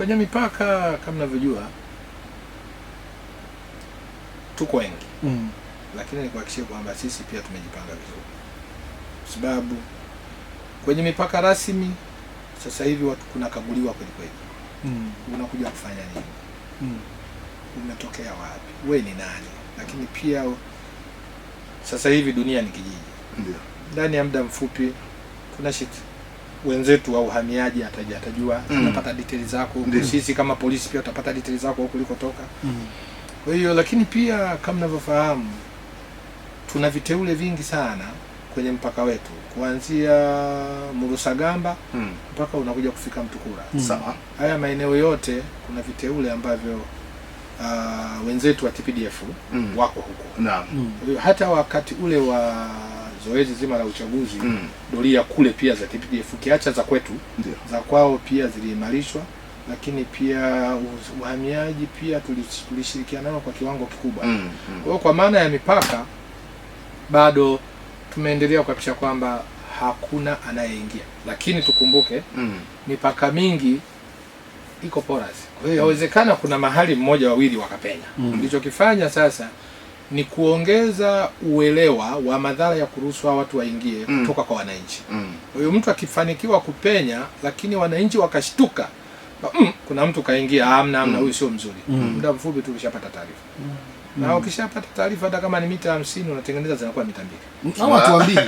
Kwenye mipaka kama mnavyojua tuko wengi mm. Lakini nikuhakikishie kwamba sisi pia tumejipanga vizuri, sababu kwenye mipaka rasmi sasa hivi watu kunakaguliwa kweli kweli mm. Unakuja kufanya nini mm. Umetokea wapi, we ni nani? Lakini pia sasa hivi dunia ni kijiji, ndani mm. ya muda mfupi tunashit wenzetu wa uhamiaji ataja atajua mm. anapata details zako mm. sisi kama polisi pia utapata details zako huko ulikotoka mm. kwa hiyo lakini pia kama mnavyofahamu tuna viteule vingi sana kwenye mpaka wetu kuanzia Murusagamba mm. mpaka unakuja kufika Mtukura mm. sawa haya maeneo yote kuna viteule ambavyo uh, wenzetu wa TPDF mm. wako huko naam mm. hata wakati ule wa zoezi zima la uchaguzi mm. doria kule pia za TPDF ukiacha za kwetu Ndiyo. za kwao pia ziliimarishwa, lakini pia uhamiaji pia tulishirikiana nao kwa kiwango kikubwa mm. mm. kwa maana ya mipaka bado tumeendelea kuhakikisha kwamba hakuna anayeingia, lakini tukumbuke mm. mipaka mingi iko porous. Kwa hiyo mm. yawezekana kuna mahali mmoja wawili wakapenya. Mlichokifanya mm. sasa ni kuongeza uelewa wa madhara ya kuruhusu hawa watu waingie mm. kutoka kwa wananchi. Huyu mm. mtu akifanikiwa kupenya, lakini wananchi wakashtuka mm, kuna mtu kaingia, amna amna, mm. huyu mm. sio mzuri, mm. muda mfupi tu ulishapata taarifa mm. Na mm. ukishapata taarifa hata kama ni mita hamsini unatengeneza zinakuwa mita mbili au watu wawili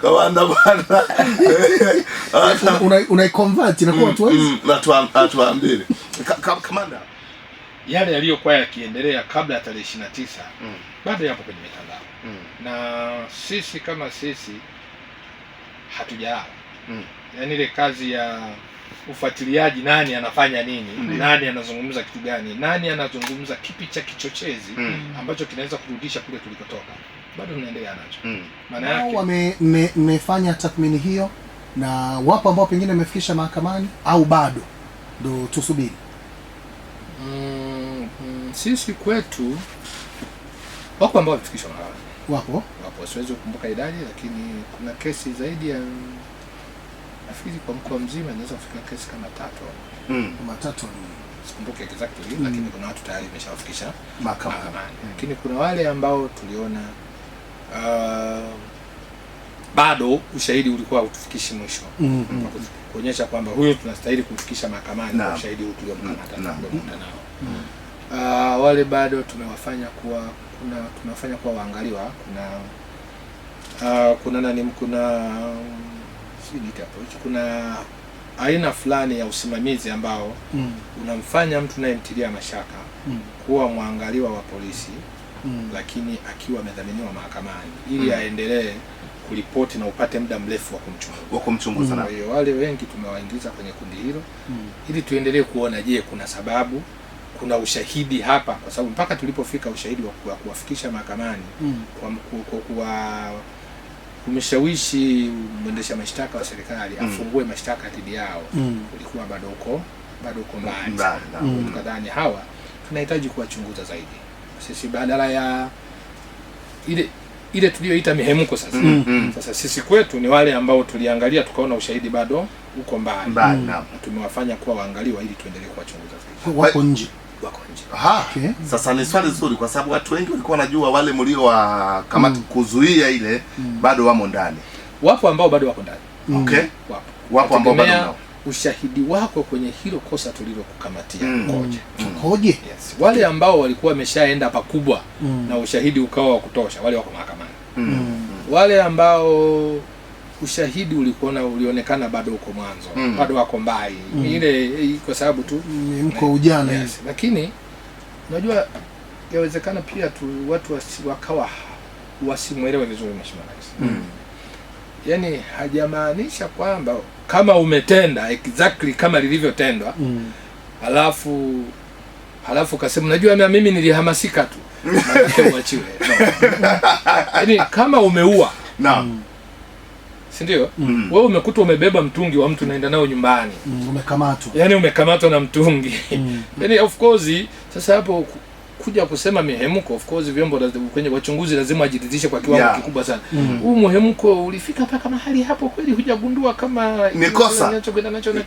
kwa wanda bwana, convert mm, na kwa watu wawili, watu wa wawili kamanda yale yaliyokuwa yakiendelea kabla ya tarehe ishirini na tisa mm. bado yapo kwenye mitandao mm. na sisi kama sisi hatujalala mm. yaani ile kazi ya ufuatiliaji, nani anafanya nini mm. nani anazungumza kitu gani, nani anazungumza kipi cha kichochezi mm. ambacho kinaweza kurudisha kule tulikotoka, bado tunaendelea nacho mm. yake wamefanya me, tathmini hiyo, na wapo ambao pengine wamefikisha mahakamani au bado ndo tusubiri mm sisi kwetu wako ambao wamefikishwa mahakamani, wako wapo, siwezi kukumbuka idadi, lakini kuna kesi zaidi ya nafikiri kwa mkoa mzima inaweza kufika kesi kama tatu mm. kama tatu sikumbuke exactly mm. lakini kuna watu tayari wameshawafikisha mahakamani mm. lakini kuna wale ambao tuliona uh, bado ushahidi ulikuwa utufikishi mwisho mm -hmm. kuonyesha kwamba huyu tunastahili kumfikisha mahakamani kwa ushahidi huu tuliomkamata na kuonana nao mm uh, wale bado tumewafanya kuwa kuna tumewafanya kuwa waangaliwa. Kuna uh, kuna nani, kuna kuna aina fulani ya usimamizi ambao mm. unamfanya mtu nayemtilia mashaka mm. kuwa mwangaliwa wa polisi mm. lakini akiwa amedhaminiwa mahakamani ili mm. aendelee kuripoti na upate muda mrefu wa kumchunguza. Kwa hiyo wale wengi tumewaingiza kwenye kundi hilo mm. ili tuendelee kuona, je, kuna sababu kuna ushahidi hapa, kwa sababu mpaka tulipofika ushahidi wa kuwafikisha mahakamani mm. kwa kwa kumshawishi mwendesha mashtaka wa serikali mm. afungue mashtaka dhidi yao mm. ulikuwa bado uko bado uko mbali, mm. tukadhani hawa tunahitaji kuwachunguza zaidi sisi badala ya ile ile tuliyoita mihemko sasa. mm -hmm. Sasa sisi kwetu ni wale ambao tuliangalia tukaona ushahidi bado uko mbali, mm. tumewafanya kuwa waangaliwa ili tuendelee kuwachunguza zaidi. Wako nje wako nje. Okay. Sasa ni swali zuri kwa sababu watu wengi walikuwa wanajua wale mlio wa kamati mm. kuzuia ile mm. bado wamo ndani. Wapo ambao bado wako ndani. Mm. Okay. Wapo. Wapo ambao bado wako ushahidi wako kwenye hilo kosa tulilokukamatia mm. Ukoje? mm. Yes. Wale ambao walikuwa wameshaenda pakubwa mm. na ushahidi ukawa wa kutosha, wale wako mahakamani. mm. mm. mm. Wale ambao ushahidi ulikuona ulionekana bado uko mwanzo mm. bado wako mbali mm. ile kwa sababu tu mko ujana yes. Lakini unajua yawezekana pia tu watu wasi, wakawa wasimwelewe vizuri mheshimiwa rais mm. Yaani hajamaanisha kwamba kama umetenda exactly kama lilivyotendwa mm. alafu halafu kasema unajua na mimi nilihamasika tu uachiwe no. Yaani kama umeua no. mm si ndio? Mm. Wewe umekuta umebeba mtungi wa mtu unaenda nao nyumbani. Mm, umekamatwa. Yaani umekamatwa na mtungi. Mm. Yaani of course sasa hapo kuja kusema mihemko, of course vyombo kwenye wachunguzi lazima ajiridhishe kwa kiwango yeah, kikubwa sana. Mm. Huu mhemko ulifika mpaka mahali hapo kweli hujagundua kama ni kosa.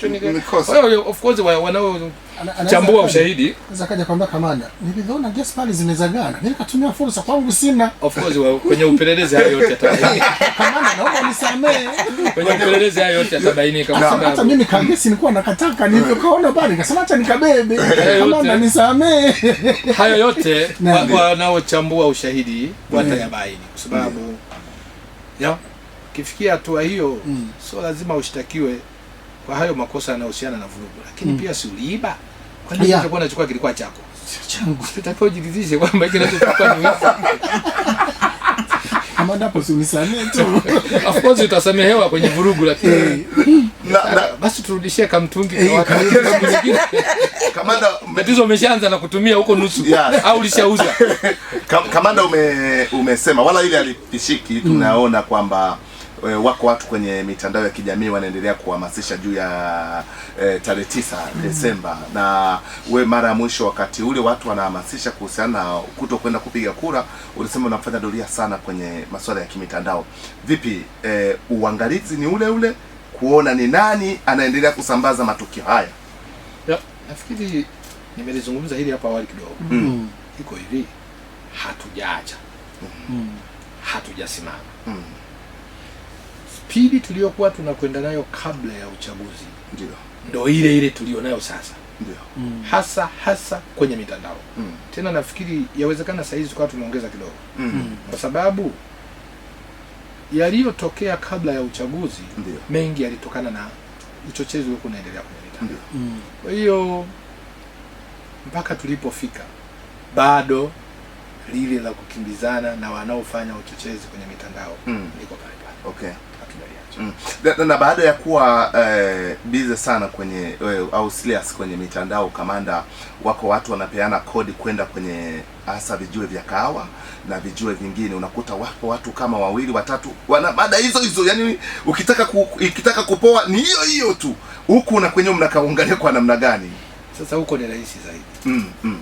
Ni hiyo of course wanao chambua ushahidi. Naweza kaja kwambia kamanda, niliona gesi pale zimezagana, mimi nikatumia fursa kwangu, sina of course wa, kwenye upelelezi hayo yote yatabainika. Kamanda, naomba nisamee, kwenye upelelezi hayo yote yatabainika. Kama hata mimi ka gesi nilikuwa nakataka, nilivyokaona pale nikasema acha nikabebe. Kamanda, nisamee. Hayo yote wanaochambua ushahidi watayabaini mm. kwa sababu mm. ya kifikia hatua hiyo, mm. sio lazima ushtakiwe kwa hayo makosa yanayohusiana na vurugu, lakini mm. pia si uliiba. Kwa nini utakuwa unachukua kilikuwa chako changu? Tutakao ujiridhishe kwamba kile kinachochukua ni wewe. kama ndapo si unisamee tu. Of course utasamehewa kwenye vurugu, lakini eh. Na, na, basi turudishie kamtungi kwa eh, wakati mwingine. Kamanda, tatizo umeshaanza na kutumia huko nusu au ulishauza. Kamanda, umesema wala ile alipishiki, hmm. tunaona kwamba Eh, wako watu kwenye mitandao ya kijamii wanaendelea kuhamasisha juu ya e, tarehe tisa mm Desemba na we mara ya mwisho wakati ule watu wanahamasisha kuhusiana na kuto kwenda kupiga kura, ulisema unafanya doria sana kwenye masuala ya kimitandao. Vipi e, uangalizi ni ule ule kuona ni nani anaendelea kusambaza matukio haya? Ya, nafikiri nimelizungumza hili hapa awali kidogo mm. mm Iko hivi, hatujaacha mm, mm. hatujasimama mm pili tuliyokuwa tunakwenda nayo kabla ya uchaguzi ndio ndio ile ile nayo sasa ndio mm. hasa hasa kwenye mitandao mm. tena nafikiri yawezekana saa hizi tukawa tumeongeza kidogo mm. mm. kwa sababu yaliyotokea kabla ya uchaguzi Ndiyo. mengi yalitokana na uchochezi uliokuwa unaendelea kwenye mitandao mm. kwa hiyo mpaka tulipofika bado lile la kukimbizana na wanaofanya uchochezi kwenye mitandao mm. liko pale pale okay mm. Na, na baada ya kuwa eh, bize sana kwenye eh, auxiliars kwenye mitandao kamanda, wako watu wanapeana kodi kwenda kwenye hasa vijue vya kahawa na vijue vingine, unakuta wako watu kama wawili watatu wana mada hizo hizo, yani ukitaka ku, ukitaka kupoa ni hiyo hiyo tu, huku na kwenye mnakaungania kwa namna gani? Sasa huko ni rahisi zaidi mm, mm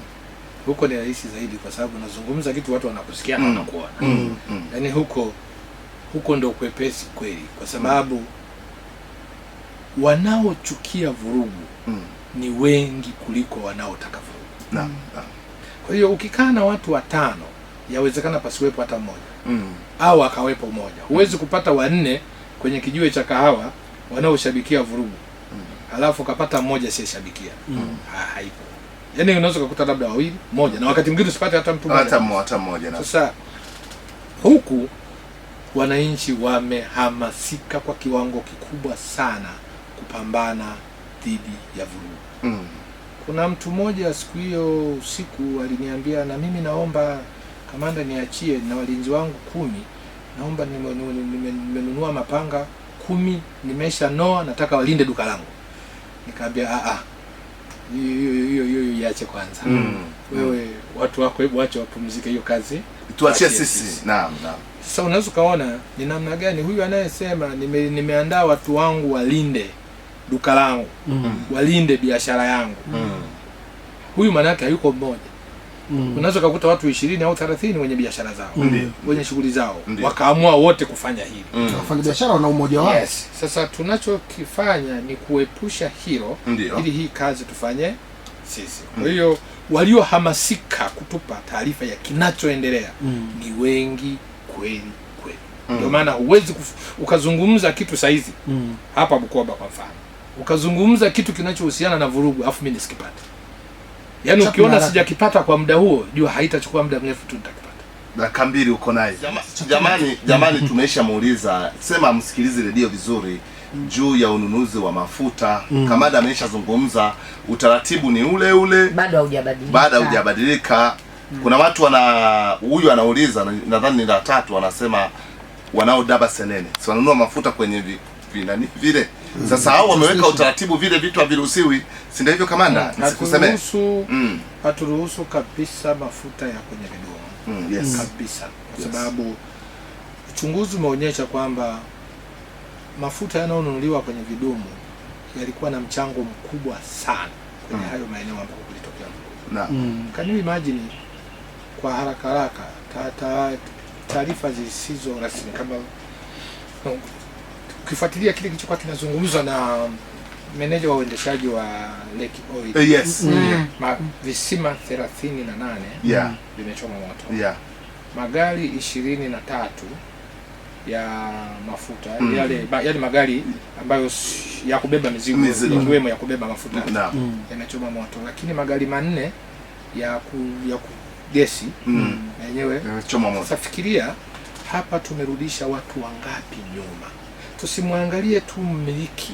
huko ni rahisi zaidi kwa sababu nazungumza kitu watu wanakusikia na mm. wanakuona. mm, mm. yani huko huko ndo kwepesi kweli, kwa sababu mm. wanaochukia vurugu mm. ni wengi kuliko wanaotaka vurugu na, mm. na. Kwa hiyo ukikaa na watu watano yawezekana pasiwepo hata mmoja mm. au akawepo mmoja. Huwezi kupata wanne kwenye kijiwe cha kahawa wanaoshabikia vurugu mm. alafu ukapata mmoja asiyeshabikia mm. ha, haipo. Yaani unaweza kukuta labda wawili, mmoja na wakati mwingine usipate hata mtu mmoja. Hata mmoja na. Sasa huku wananchi wamehamasika kwa kiwango kikubwa sana kupambana dhidi ya vurugu mm. Kuna mtu mmoja siku hiyo usiku aliniambia, na mimi naomba kamanda niachie na walinzi wangu kumi, naomba nimenunua mapanga kumi, nimesha noa, nataka walinde duka langu. Nikaambia a ah, ah. hiyo hiyo iache kwanza, mm. wewe mm. watu wako, hebu wache wapumzike, hiyo kazi tuachie sisi. Naam, naam. Sasa unaweza ukaona ni namna gani huyu anayesema nime, nimeandaa watu wangu walinde duka langu mm. walinde biashara yangu mm. huyu maanake hayuko mmoja mm. unaweza ukakuta watu ishirini au thelathini wenye biashara zao mm. wenye shughuli zao mm. wakaamua wote kufanya hili mm. wafanya biashara wana umoja wao yes. Sasa tunachokifanya ni kuepusha hilo Ndiyo. ili hii kazi tufanye sisi kwa mm. hiyo waliohamasika kutupa taarifa ya kinachoendelea mm. ni wengi kweli kweli. Mm. Ndio maana huwezi ukazungumza kitu saizi mm. hapa Bukoba kwa mfano ukazungumza kitu kinachohusiana na vurugu afu mimi nisikipate, yaani ukiona sijakipata kwa muda huo, jua haitachukua muda mrefu tu nitakipata. Dakika mbili uko naye jamani, jamani, mm. jamani tumeisha muuliza sema msikilizi redio vizuri mm. juu ya ununuzi wa mafuta mm. Kamada ameshazungumza utaratibu ni ule ule, bado haujabadilika, bado haujabadilika Mm. Kuna watu wana huyu anauliza, nadhani ni la tatu, anasema wanaodaba senene si wananunua mafuta kwenye vi, vi, nani, vile mm. sasa hao wameweka utaratibu, vile vitu haviruhusiwi, si ndio hivyo kamanda? Mm. Nisikuseme mm. haturuhusu kabisa mafuta ya kwenye midomo mm, yes. kabisa kwa yes. sababu uchunguzi umeonyesha kwamba mafuta yanayonunuliwa kwenye vidumu yalikuwa na mchango mkubwa sana kwenye mm. hayo maeneo ambapo kulitokea. Naam. Mm. Can you imagine kwa haraka haraka taarifa zisizo rasmi, kama um, ukifuatilia kile kilichokuwa kinazungumzwa na meneja wa uendeshaji wa Lake Oil. Eh, yes. Mm. Ma, visima 38 yeah, vimechoma moto yeah. Magari ishirini na tatu ya mafuta mm. yale, yale magari ambayo ya kubeba mizigo ikiwemo ya kubeba mafuta yanachoma moto, lakini magari manne ya ku, ya ku gesi mm. yenyewe choma moto. Sasa fikiria hapa tumerudisha watu wangapi nyuma? Tusimwangalie tu mmiliki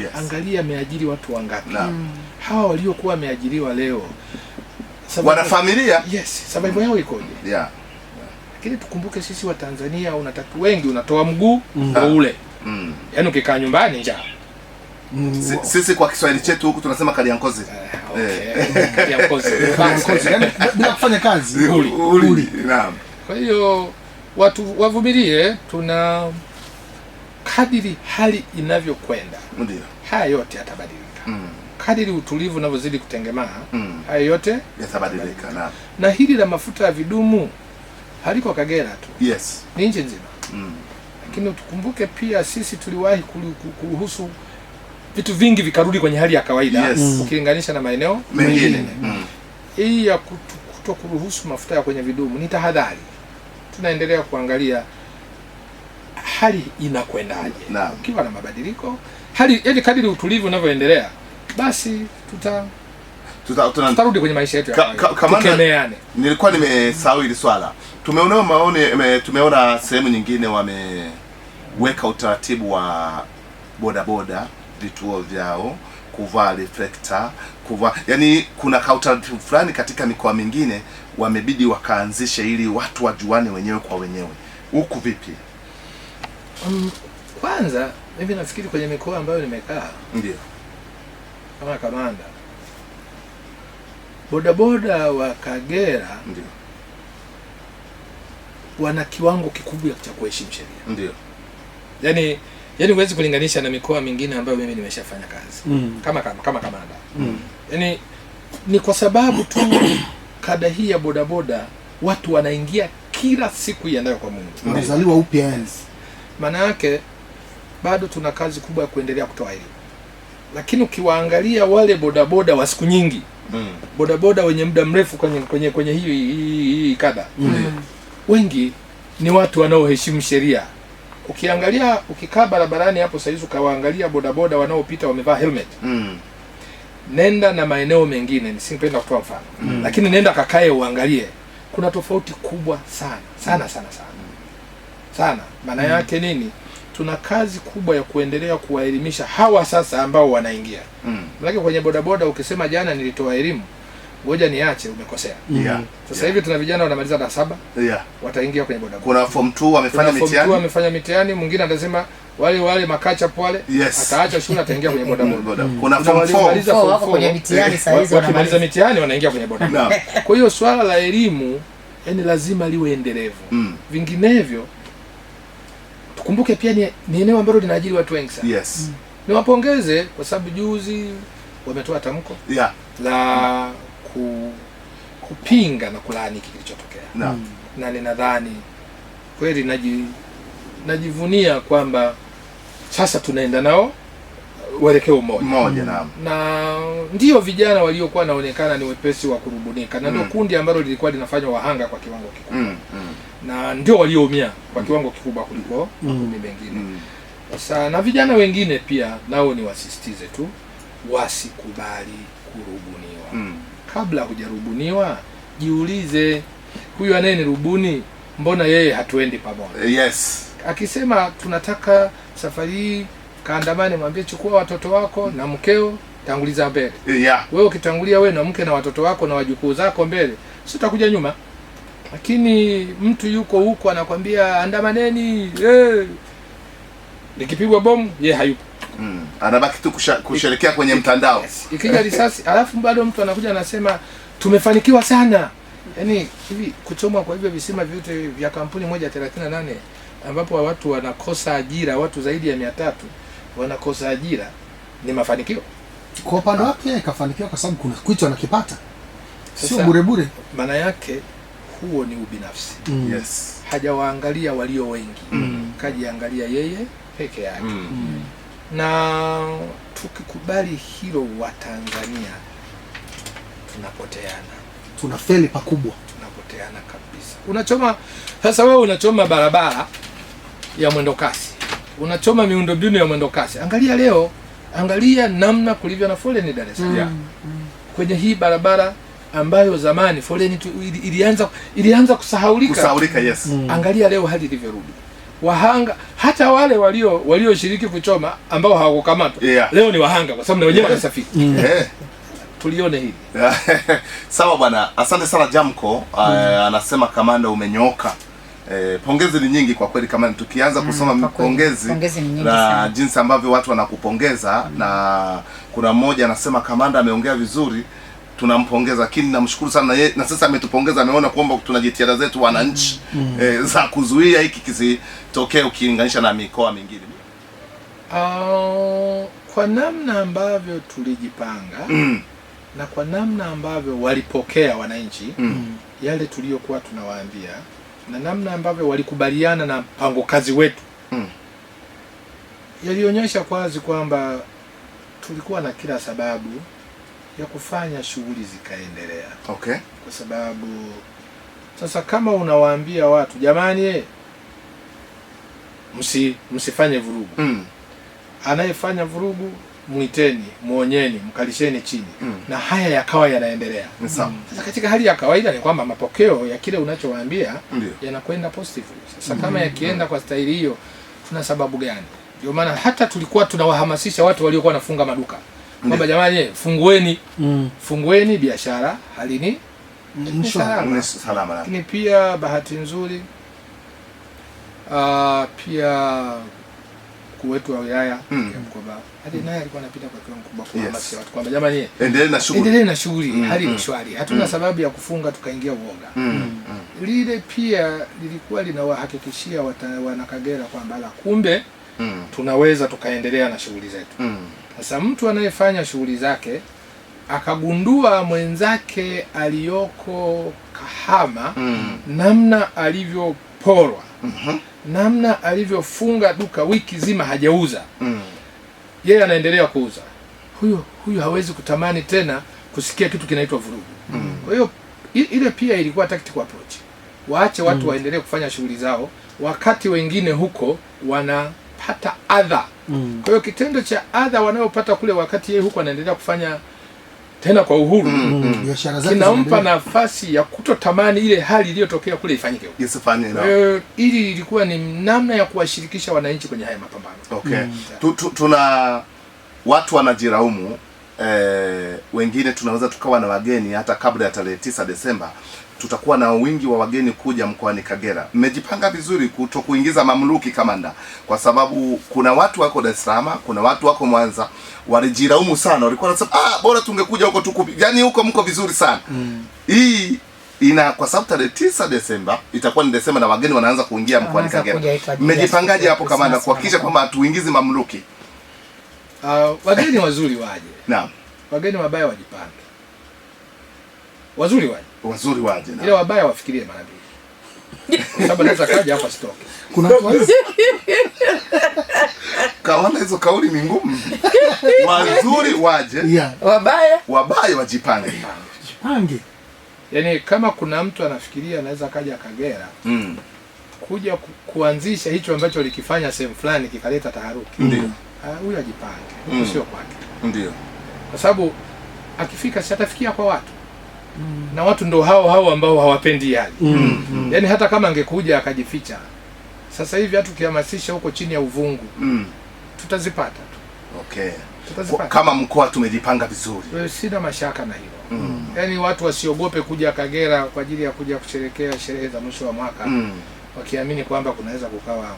yes. Angalia ameajiri watu wangapi mm. Hawa waliokuwa wameajiriwa leo wana familia yes, sababu yao ikoje? yeah. yeah. Lakini tukumbuke sisi Watanzania, unataka wengi, unatoa mguu mm. ule mm. yaani ukikaa nyumbani njaa sisi kwa Kiswahili chetu huku tunasema kaliankoze. Eh, eh. Bila kufanya kazi uli, uli. Uli. Naam. Kwa hiyo watu wavumilie, tuna kadiri hali inavyokwenda ndio haya yote yatabadilika. mm. Kadiri utulivu unavyozidi kutengemaa mm. haya yote yatabadilika. Na, Na hili la mafuta ya vidumu haliko Kagera tu, yes, ni nchi nzima mm. Lakini tukumbuke pia sisi tuliwahi kuruhusu vitu vingi vikarudi kwenye hali ya kawaida yes. mm. ukilinganisha na maeneo mengine mm. hii ya kuto kuruhusu mafuta ya kwenye vidumu ni tahadhari, tunaendelea kuangalia hali inakwendaje, ukiwa na mabadiliko hali, yaani kadiri utulivu unavyoendelea basi tuta tutarudi kwenye maisha yetu ya kawaida. Nilikuwa nimesahau hili swala. Tumeona maoni, tumeona sehemu nyingine wameweka utaratibu wa bodaboda vituo vyao, kuvaa reflekta kuva, yani, kuna kauta fulani katika mikoa mingine wamebidi wakaanzishe ili watu wajuane wenyewe kwa wenyewe. Huku vipi? Um, kwanza mimi nafikiri kwenye mikoa ambayo nimekaa ndio kama kamanda bodaboda wa Kagera ndio wana kiwango kikubwa cha kuheshimu sheria, ndio yani Yaani huwezi kulinganisha na mikoa mingine ambayo mimi nimeshafanya kazi. Mm. Kama kama kama kama Mm. Yaani ni kwa sababu tu kada hii ya bodaboda watu wanaingia kila siku iendayo kwa Mungu. Wanazaliwa upya Maana yake bado tuna kazi kubwa ya kuendelea kutoa elimu. Lakini ukiwaangalia wale bodaboda wa siku nyingi mm. bodaboda wenye muda mrefu kwenye kwenye kwenye hii hii kada mm. wengi ni watu wanaoheshimu sheria Ukiangalia ukikaa barabarani hapo saizi ukawaangalia bodaboda wanaopita wamevaa helmet mm. Nenda na maeneo mengine, nisipenda kutoa mfano mm. Lakini nenda kakae uangalie, kuna tofauti kubwa sana sana sana sana mm. sana. Maana mm. yake nini? Tuna kazi kubwa ya kuendelea kuwaelimisha hawa sasa ambao wanaingia mm. Lakini kwenye bodaboda ukisema jana nilitoa elimu ngoja niache, umekosea. Yeah. Sasa yeah. hivi tuna vijana wanamaliza darasa saba. Yeah. Wataingia kwenye bodaboda. Kuna form 2 wamefanya mitihani. Form 2 wamefanya mitihani, mwingine anasema wale wale makacha pale yes. Ataacha shule ataingia kwenye bodaboda. Mm. Kuna form 4 wako kwenye mitihani eh, sasa hizo wanamaliza mitihani wanaingia kwenye bodaboda. Kwa hiyo swala la elimu yani lazima liwe endelevu. Mm. Vinginevyo tukumbuke pia ni, ni eneo ambalo linaajiri watu wengi sana. Yes. Mm. Niwapongeze kwa sababu juzi wametoa tamko. Yeah. La mm ku, kupinga na kulaani kilichotokea na, mm. na ninadhani kweli naji, najivunia kwamba sasa tunaenda nao uelekeo mmoja mm. na, na ndio vijana waliokuwa naonekana ni wepesi wa kurubunika na ndio mm. kundi ambalo lilikuwa linafanya wahanga kwa kiwango kikubwa mm. mm. na ndio walioumia kwa kiwango kikubwa kuliko makundi mm. mengine mm. Sasa na vijana wengine pia nao ni wasistize tu wasikubali kurubuniwa mm kabla hujarubuniwa, jiulize huyu anaye rubuni mbona yeye hatuendi pamoja? Eh, yes, akisema tunataka safari hii kaandamane, mwambie chukua watoto wako na mkeo, tanguliza mbele. Eh, yeah, wewe ukitangulia wewe na mke na watoto wako na wajukuu zako mbele, si utakuja nyuma. Lakini mtu yuko huko anakwambia andamaneni, hey. Eh. Nikipigwa bomu ye hayupo mm. anabaki tu kusherekea kwenye mtandao ikija risasi alafu bado mtu anakuja anasema tumefanikiwa sana yaani hivi kuchomwa kwa hivyo visima vyote vya kampuni moja nane ambapo watu wanakosa ajira watu zaidi ya mia tatu wanakosa ajira ni mafanikio kwa upande wake kafanikiwa kwa sababu kuna kitu anakipata sio bure bure maana yake huo ni ubinafsi mm. yes. hajawaangalia walio wengi mm. kajiangalia yeye peke yake mm. mm na tukikubali hilo, Watanzania tunapoteana, feli pakubwa, tunapoteana kabisa. Unachoma sasa, wewe unachoma barabara ya mwendo kasi unachoma miundombinu ya mwendokasi. Angalia leo, angalia namna kulivyo na foleni Dar es mm, Salaam mm, mm. kwenye hii barabara ambayo zamani foleni tu, ilianza ilianza kusahaulika, kusahaulika yes. mm. Angalia leo hali ilivyorudi wahanga hata wale walio walioshiriki kuchoma ambao hawakukamatwa yeah. Leo ni wahanga kwa sababu na wenyewe wanasafiri mm. Eh. yeah. Tulione hili sawa bwana, asante sana jamko ah, mm. Eh, anasema kamanda umenyoka. Eh, pongezi ni nyingi kwa kweli, kama tukianza mm, kusoma mm, pongezi, pongezi na jinsi ambavyo watu wanakupongeza mm. na kuna mmoja anasema kamanda ameongea vizuri tunampongeza lakini namshukuru sana ye, na sasa ametupongeza, ameona kwamba tuna jitihada zetu wananchi mm -hmm. e, za kuzuia hiki kisitokee ukilinganisha na mikoa mingine. Uh, kwa namna ambavyo tulijipanga mm -hmm. na kwa namna ambavyo walipokea wananchi mm -hmm. yale tuliyokuwa tunawaambia na namna ambavyo walikubaliana na mpango kazi wetu mm -hmm. yalionyesha kwazi kwamba tulikuwa na kila sababu ya kufanya shughuli zikaendelea. Okay, kwa sababu sasa kama unawaambia watu jamani, eh, msi msifanye vurugu mm. Anayefanya vurugu mwiteni, mwonyeni, mkalisheni chini mm. na haya yakawa yanaendelea mm. sasa mm. mm. katika hali ya kawaida ni kwamba mapokeo ya kile unachowaambia yanakwenda positive. Sasa kama mm. yakienda mm. kwa staili hiyo, tuna sababu gani? Ndio maana hata tulikuwa tunawahamasisha watu waliokuwa wanafunga maduka kwamba jamani, fungueni mm. fungueni biashara, halini salama, lakini pia bahati nzuri uh, pia mkuu wetu wa wilaya mm. Mkoba hadi mm. naye alikuwa anapita kwa kiwango kikubwa kuhamasisha watu kwamba jamani, endelee na shughuli, endelee na shughuli mm. hali ni mm. shwari, hatuna mm. sababu ya kufunga tukaingia uoga mm. mm. lile pia lilikuwa linawahakikishia wana Kagera kwamba la kumbe mm. tunaweza tukaendelea na shughuli zetu. Mm. Sasa mm. mtu anayefanya shughuli zake akagundua mwenzake aliyoko Kahama mm. namna alivyoporwa mm -hmm. namna alivyofunga duka wiki zima hajauza mm. yeye anaendelea kuuza, huyo huyo hawezi kutamani tena kusikia kitu kinaitwa vurugu mm. kwa hiyo ile pia ilikuwa tactic approach, waache watu mm. waendelee kufanya shughuli zao, wakati wengine huko wana wanapata adha mm. Kwa hiyo kitendo cha adha wanayopata kule, wakati yeye huko anaendelea kufanya tena kwa uhuru mm. mm. mm. kinampa nafasi ya kutotamani ile hali iliyotokea kule ifanyike huko fanye Na hiyo ili ilikuwa ni namna ya kuwashirikisha wananchi kwenye haya mapambano. Okay mm. tu, tu, tuna watu wanajiraumu eh, wengine tunaweza tukawa na wageni hata kabla ya tarehe 9 Desemba tutakuwa na wingi wa wageni kuja mkoani Kagera. Mmejipanga vizuri kuto kuingiza mamluki kamanda, kwa sababu kuna watu wako Dar es Salaam, kuna watu wako Mwanza walijiraumu sana, walikuwa nasema ah, bora tungekuja huko tuku, yaani huko mko vizuri sana mm. hii mm. ina kwa sababu tarehe tisa Desemba itakuwa ni Desemba na wageni wanaanza kuingia mkoani Kagera. Mmejipangaje hapo kamanda, kuhakikisha kwamba hatuingizi mamluki? Uh, wageni wazuri waje, naam, wageni wabaya wajipange wazuri waje, wazuri waje na ile wabaya wafikirie mara mbili, kwa sababu naweza kaja hapa sitoke. Kuna watu kaona hizo kauli ni ngumu. Wazuri waje yeah. Wabaya wabaya wajipange, jipange. Yaani kama kuna mtu anafikiria anaweza kaja Kagera mm. kuja ku, kuanzisha hicho ambacho likifanya sehemu fulani kikaleta taharuki, ndio ah, huyo ajipange, mm. sio kwake, ndio kwa sababu akifika si atafikia kwa watu Mm. na watu ndo hao hao ambao hawapendi yale mm. mm. mm. yaani hata kama angekuja akajificha sasa hivi hata ukihamasisha huko chini ya uvungu mm. tutazipata tu okay. tutazipata. Kama mkoa tumejipanga vizuri, eh, sina mashaka na hilo mm. yaani watu wasiogope kuja Kagera kwa ajili ya kuja kusherekea sherehe za mwisho wa mwaka mm. wakiamini kwamba kunaweza kukawa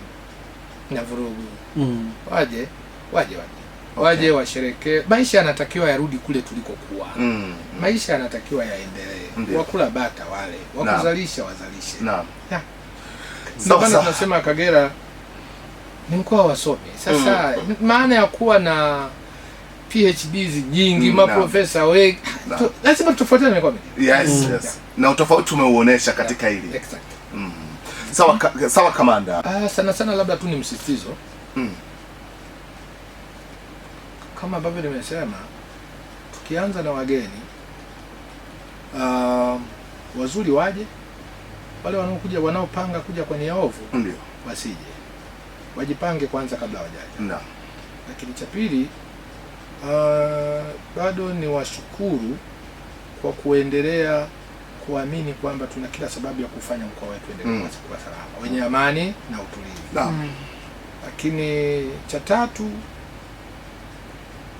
na vurugu mm. waje waje waje waje washerekee. Maisha yanatakiwa yarudi kule tulikokuwa. mm. mm. Maisha yanatakiwa yaendelee, wakula bata wale, wakuzalisha wazalishe. Naam, ndio maana tunasema Kagera ni mkoa wa somi. Sasa mm. maana ya kuwa na PhDs nyingi mm, maprofesa wengi lazima tu, tutofautiane kwa mimi. Yes, mm. yes. Na utofauti umeuonesha katika hili. Yeah, exactly. mm. Sawa, mm. sawa kamanda. Ah, sana sana labda tu ni msisitizo mm kama ambavyo nimesema, tukianza na wageni uh, wazuri waje, wale wanaokuja wanaopanga kuja kwenye ovu ndio wasije, wajipange kwanza kabla wajaja. Lakini cha pili uh, bado ni washukuru kwa kuendelea kuamini kwamba tuna kila sababu ya kufanya mkoa wetu endelee mm. kuwa salama wenye amani na utulivu. Mm. Lakini cha tatu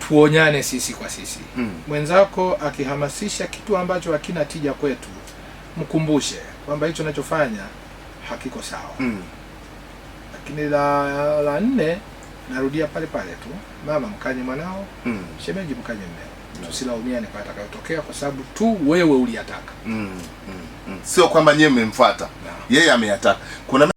tuonyane sisi kwa sisi mm. Mwenzako akihamasisha kitu ambacho hakina tija kwetu, mkumbushe kwamba hicho unachofanya hakiko sawa mm. Lakini la, la nne narudia pale pale tu, mama mkanye mwanao mm. Shemeji mkanye mmeo hmm. Tusilaumiane kwa atakayotokea kwa sababu tu wewe uliyataka mm. mm. mm. Sio kwamba nyewe mmemfuata no. Yeye ameyataka kuna